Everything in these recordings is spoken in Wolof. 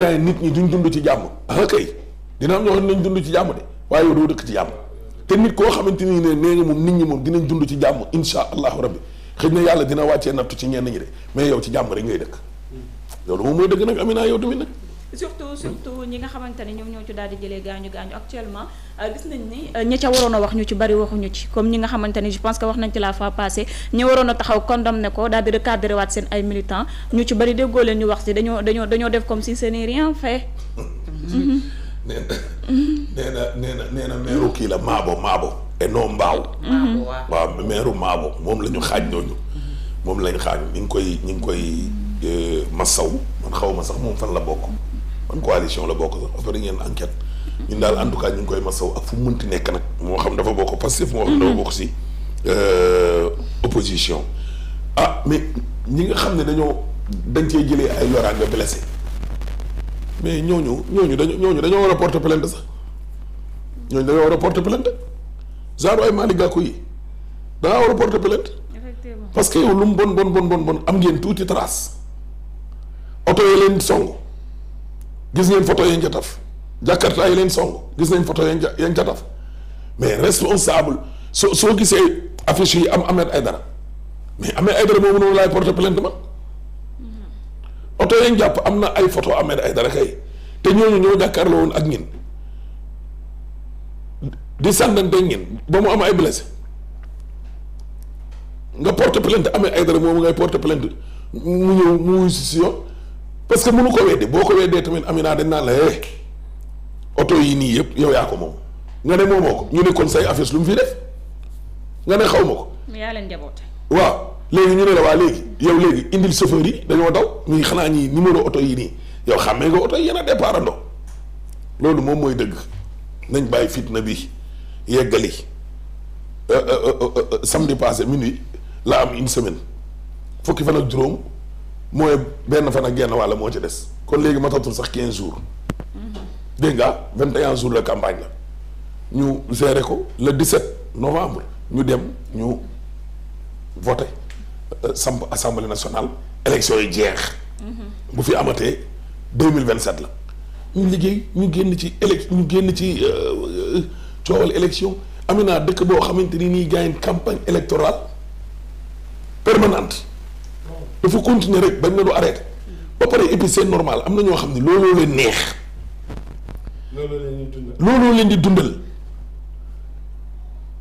nit ñi duñ dund ci jàmm ah kay dina am ñoo xam ne dund ci jàmm de waaye yow doo dëkk ci jàmm te nit koo xamante ni ne nee nga moom nit ñi moom dinañ dund ci jàmm insha allahu rabbi xëy na yàlla dina wàccee nattu ci ñenn ñi de mais yow ci jàmm rek ngay dëkk loolu moom mooy dëgg nag Amina yow tamit nag. surtout surtout ñi nga xamante ne ñoom ñoo ci daal di jëlee gaañu gaañu actuellement euh, gis nañ ni euh, ña ca waroon a wax ñu ci bari waxuñu ci comme ñi nga xamante ne je pense que wax nañ ci la fois passée ña waroon a taxaw ne ko daal di recadré waat seen ay militants ñu ci bari déggoo leen ñu wax si dañoo dañoo dañoo def comme si ce n'est rien fait. nee na nee na nee na meeru kii la Maabo Maabo. et non Mbaaw. waaw meeru Maabo moom la ñu xaaj moom lañ xaaj ñu ngi koy ñu ngi koy euh, masaw man xaw ma sax moom fan la bokk. man coalition la bokk sax après ngeen enquête ñun daal en tout cas ñu ngi nekk nag moo xam dafa bokk Pastef moo xam dafa bokk si euh, opposition ah ñi nga xam ne dañoo dañ cee jëlee ay loraange blessé mais ñooñu ñooñu dañu ñooñu dañoo war a porte plainte sax ñooñu dañoo war a porter plainte genre ay Malick Gakou yi dangaa war a parce que yow lu mu bon bon bon bon bon am ngeen tuuti trace oto yi leen song gis ngeen photo yañ ca taf Jakarta leen song gis nañ photo yañ yañ ca taf mais responsable soo soo gisee affiche yi am ay Aïdara mais Ahmed Aïdara moom noonu laay porter plainte ma mm-hmm. oto yañ jàpp am na ay photo Ahmed Aïdara kay te ñooñu ñoo jàkkaarloo woon ak ñin di sànnante ñin ba mu am ay blessé nga porter amee ay Aïdara moomu ngay porter plainte mu ñëw mu wuyu si si parce que mënu ko weddi boo ko weddee tamit Amina dañ naan la eh oto yi nii yëpp yow yaa ko moom nga ne moomoo ko ñu ne kon say affiche lu mu fi def nga ne xaw ma ko. yaa leen jaboote. waaw léegi ñu ne la waa léegi yow léegi indil chauffeur yi dañoo daw ñuy xanaa ñii numéro oto yi nii yow xàmmee nga oto yi yéen a départ andoo loolu moom mooy dëgg nañ bàyyi fitna bi yeggali euh, euh, euh, samedi passé minuit la am une semaine fukki fan ak juróom. mooy benn fan ak genn wàll moo ci des kon léegi matatul sax quinze jours dégg nga vingt et un jours la campagne la ñu gérer ko le 17 novembre ñu dem ñu voté euh, samp assemblée nationale élection yi jeex bu fi amatee deux mille vingt sept la ñu liggéey ñu génn ci élec ñu génn ci euh, euh, coowal élection naa dëkk boo xamante ni nii gars yi campagne électorale permanente dafa continuer rek bañ na du arrêté ba pare et puis normal am na ñoo xam ne looloo leen neex. looloo leen di dundal looloo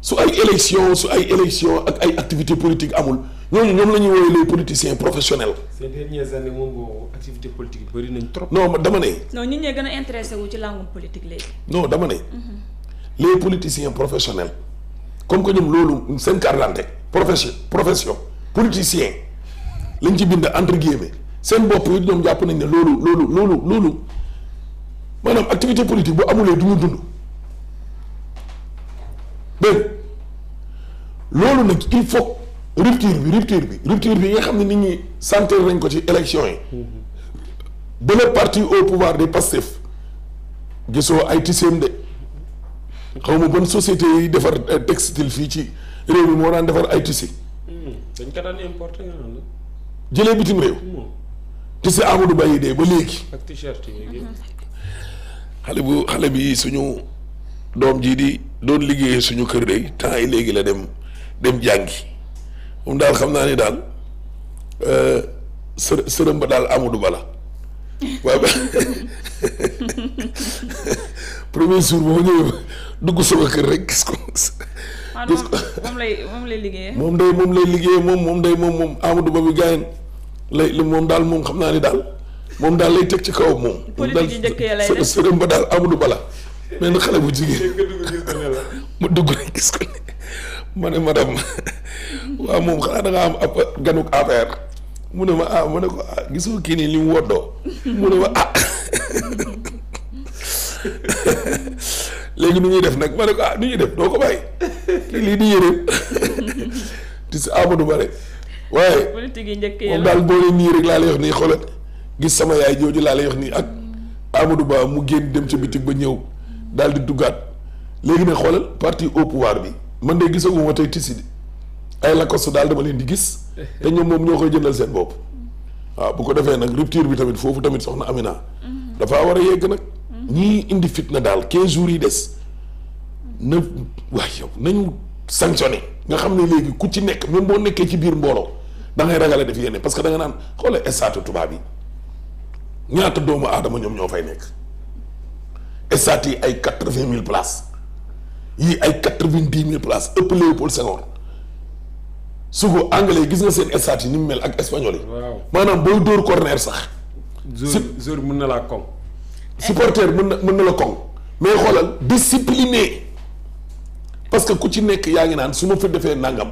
su ay élection su ay élection ak ay activité politique amul ñooñu ñoom la ñuy woowee les politiciens professionnels. ces dernières années moom boo activité bëri nañ trop. non dama ne. non ñun ñee gën a intéressé wu ci làngum politique léegi. dama ne. Mm-hmm. les politiciens professionnels comme que loolu seen carte d'identité profession profession politicien. lañ ci bind entre guillemets seen bopp yi ñoom jàpp nañ ne loolu loolu loolu loolu maanaam activité politique bu amulee du ñu dund dégg loolu nag il faut rupture bi rupture bi rupture bi nga xam ne nit ñi sentir nañ ko ci élection yi de le parti au pouvoir des Pastef gisoo ay tiseem de xaw ma ban société yi defar eh, textile fii ci réew mi moo daan defar ay tissu hmm, dañ ko jële bitim réew. te si Amadou Ba yi dee ba léegi. ak xale bu xale bi suñu doom jii di doon liggéeyee suñu kër de temps yi léegi la dem dem jàngi moom daal xam naa ni daal euh, së sërëm ba daal Amadou bala waaye ba premier jour boo ñëwee dugg sama kër rek gis ko. parce ah, que moom lay moom lay liggéeyee. moom day moom lay moom moom day moom moom Ba bi gaayen lay moom daal moom xam naa ni daal moom daal lay teg ci kaw moom. politique yi njëkk ya lay ba daal Amadou Ba la benn xale bu jigéen mu dugg rek gis ko ne ma ne madame waaw moom xanaa nga am ab affaire mu ne ma ah mu ne ko ah gisoo kii nii li mu woddoo mu ne ma ah léegi nu ñuy def nag ma ne ko ah nu ñuy def doo ko bàyyi. lii di yére di si Amadou Ba rek waaye. politique yi njëkk moom daal boole nii rek laa lay wax nii xoolal gis sama yaay jooju laa lay yox nii ak Amadou Ba mu génn dem ca bitig ba ñëw daal di duggaat léegi nag xoolal parti au pouvoir bi man de gisaguma ma tey tissu ay lakkos daal dama leen di gis te ñoom moom ñoo koy jëndal seen bopp waaw bu ko defee nag rupture bi tamit foofu tamit soxna Amina. Mm-hmm. dafa war a yegg nag. Mm-hmm. ñii indi fitna daal 15 jours yi des. na waay yow nañu sanctionné nga xam ne léegi ku ci nekk même boo nekkee ci biir mbooloo da ngay ragale def yéene parce que da naan xoolee estatu tubaab yi ñaata doomu aadama ñoom ñoo fay nekk estat yi ay quatre vingt mille places yii ay quatre vingt dix mille places ëpp Léopold su sugu anglais gis nga seen estat yi ni mu mel ak espagnol yi. maanaam booy dóor corner sax. jour mun na laa koŋ. supporter mën na mën na la koŋ mais xoolal discipliné. parce que ku ci nekk yaa ngi naan su ma fi defee nangam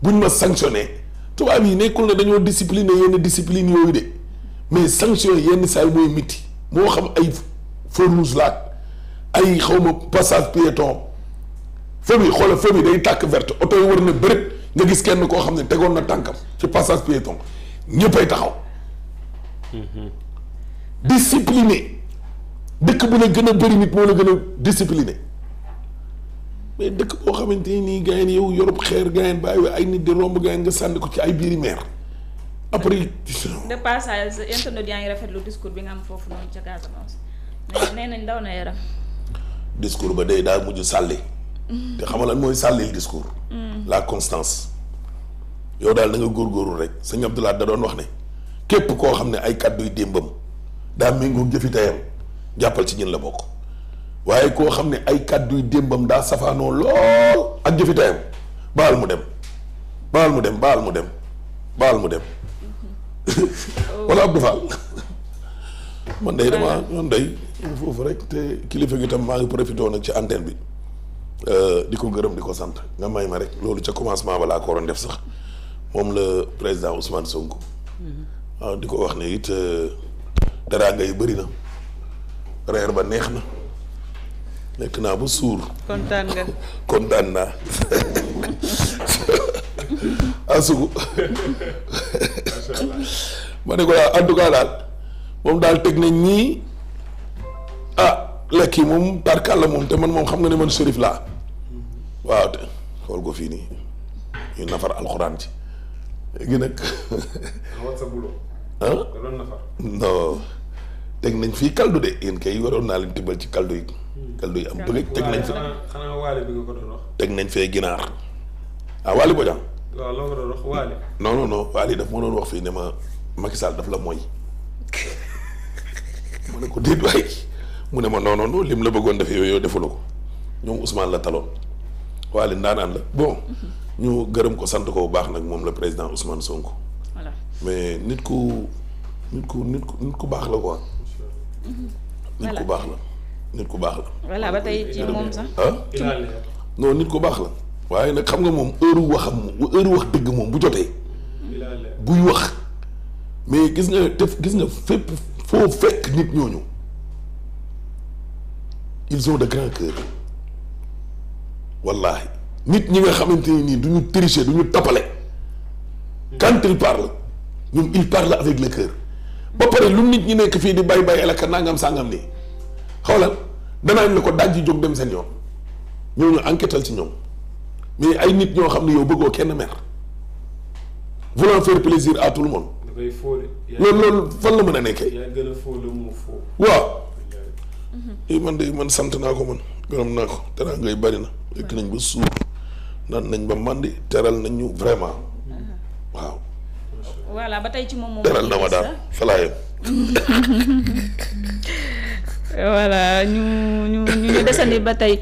buñ ma sanctionné tubaab yi nekkul na dañoo discipliner yenn discipline yooyu de mais sanction yenn saa yi mooy miti moo xam ay feu rouge laag ay xaw ma passage piéton feu bi xoolal feu bi day tàkk verte oto yi war na bërit nga gis kenn koo xam ne tegoon na tànkam ci passage piéton ñëppay taxaw. Mm-hmm. discipliné dëkk bu ne gën a bëri nit moo la gën a discipliné. mais dëkk boo xamante ni nii gars yi yow yorub xeer gars yi bàyyi ay nit di romb gars nga sànni ko ci ay biiri mer. après. de passage internet yaa ngi rafetlu discours bi nga am foofu noonu ca Casamance nee nañ daw na yaram. discours ba day daal mujj sàlli. te xamal lan mooy sàllil discours. Mm. la constance. yow daal da nga góorgóorlu rek sëñ Abdoulaye da doon wax ne képp koo xam ne ay kàdduy démbam daa méngoo jëfi tayam jàppal ci ñun la bokk. waaye koo xam ne ay kàdduy démbam daa safaanoo lool ak jëfi tayam baal mu dem baal mu dem baal mu dem baal mu dem wala Abdou man day dama man day foofu rek te kilifa gi tam maa ngi profité ci antenne bi euh, di ko gërëm di ko sant nga may ma rek loolu ca commencement balaa ko def sax moom la président Ousmane Sonko waaw mm-hmm. ah, di ko wax ne it dara euh, nga yu bëri na reer ba neex na lekk naa bu suur. kontaan nga kontaan naa. asugu ma ne ko daal en tout daal moom daal teg nañ nii ah lekk yi moom tarkalla moom te man moom xam nga ne man sërif laa waaw te xool ko fii nii ñu nafar alxuraan ci léegi nag. xamal sa boulot. ah da doon non teg nañ fii kaldu de yéen kay waroon naa leen tibbal ci kaldu yi. Hmm. kal duy am bëgg teg nañ fi xanaa bi nga teg nañ fee ginaar ah waale Bodian waaw loo ko doon wax waale non daf ma doon wax fii ne ma Macky Sall daf la mooy mu ne mu ne ma non non lim la bëggoon def yooyu defula ko ñoom Ousmane la taloon waale ndaanaan la bon mhm. ñu gërëm ko sant ko bu baax nag moom la président Ousmane Sonko voilà mais nit ku nit ku nit ku nit ku baax la quoi nit ku baax la nit ko baax la. voilà ba tey ci moom sax. ah non baax la. waaye nag xam nga moom heure waxam moom heure wax dëgg moom bu jotee. buy wax mais gis nga te gis nga fépp foo fekk nit ñooñu ils ont de grands cœurs wallaahi nit ñi nga xamante ne nii du ñu tricher du ñu tapale. quand il parle ñoom il parle avec le cœur ba pare lu nit ñi nekk fii di bàyyi bàyyi ak nangam sàngam nii. xoolal danaa ne ko daaj jóg dem seen yoon ñooñu enquêtal ci ñoom mais ay nit ñoo xam ne yow bëggoo kenn mer voulant faire plaisir à tout le monde. dafay fóole. loolu loolu fan la mën a nekkee. yaa waaw. i mhm. eh, man de man sant naa ko man gërëm naa ko dara ngay bari na. lekk nañ ba suur naan nañ ba màndi te nañ ñu vraiment mhm. waaw. voilà ba tey ci moom moom. teral na ma daal fa voilà ñu ñu ñu desandi ba tey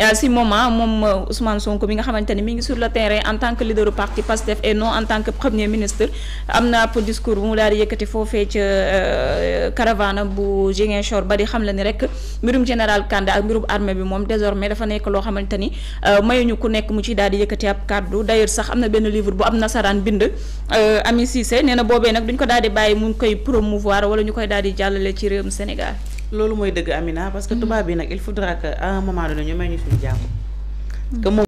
euh, si moment moom euh, Ousmane Sonko mi nga xamante ni mu ngi sur le terrain en tant que leader parti PASTEF et non en tant que premier ministre am na ab discours bu mu daal di yëkkati foofee ca euh, caravane bu Ziguinchor ba di xam la ni rek mbirum général Kandé ak mbirum armée bi moom désormais dafa nekk loo xamante ni mayuñu ku nekk mu ci daal di yëkkati ab kàddu d'ailleurs sax am na benn livre bu am nasaraan bind Ami Cissé nee na boobee nag duñ ko daal di bàyyi mu koy promouvoir wala ñu koy daal di jàllale ci réewum Sénégal. loolu mooy dëgg Amina parce que mm-hmm. tubaab bi nag il faudra que à un moment donné ñu may ñu suñu jàmm mm-hmm.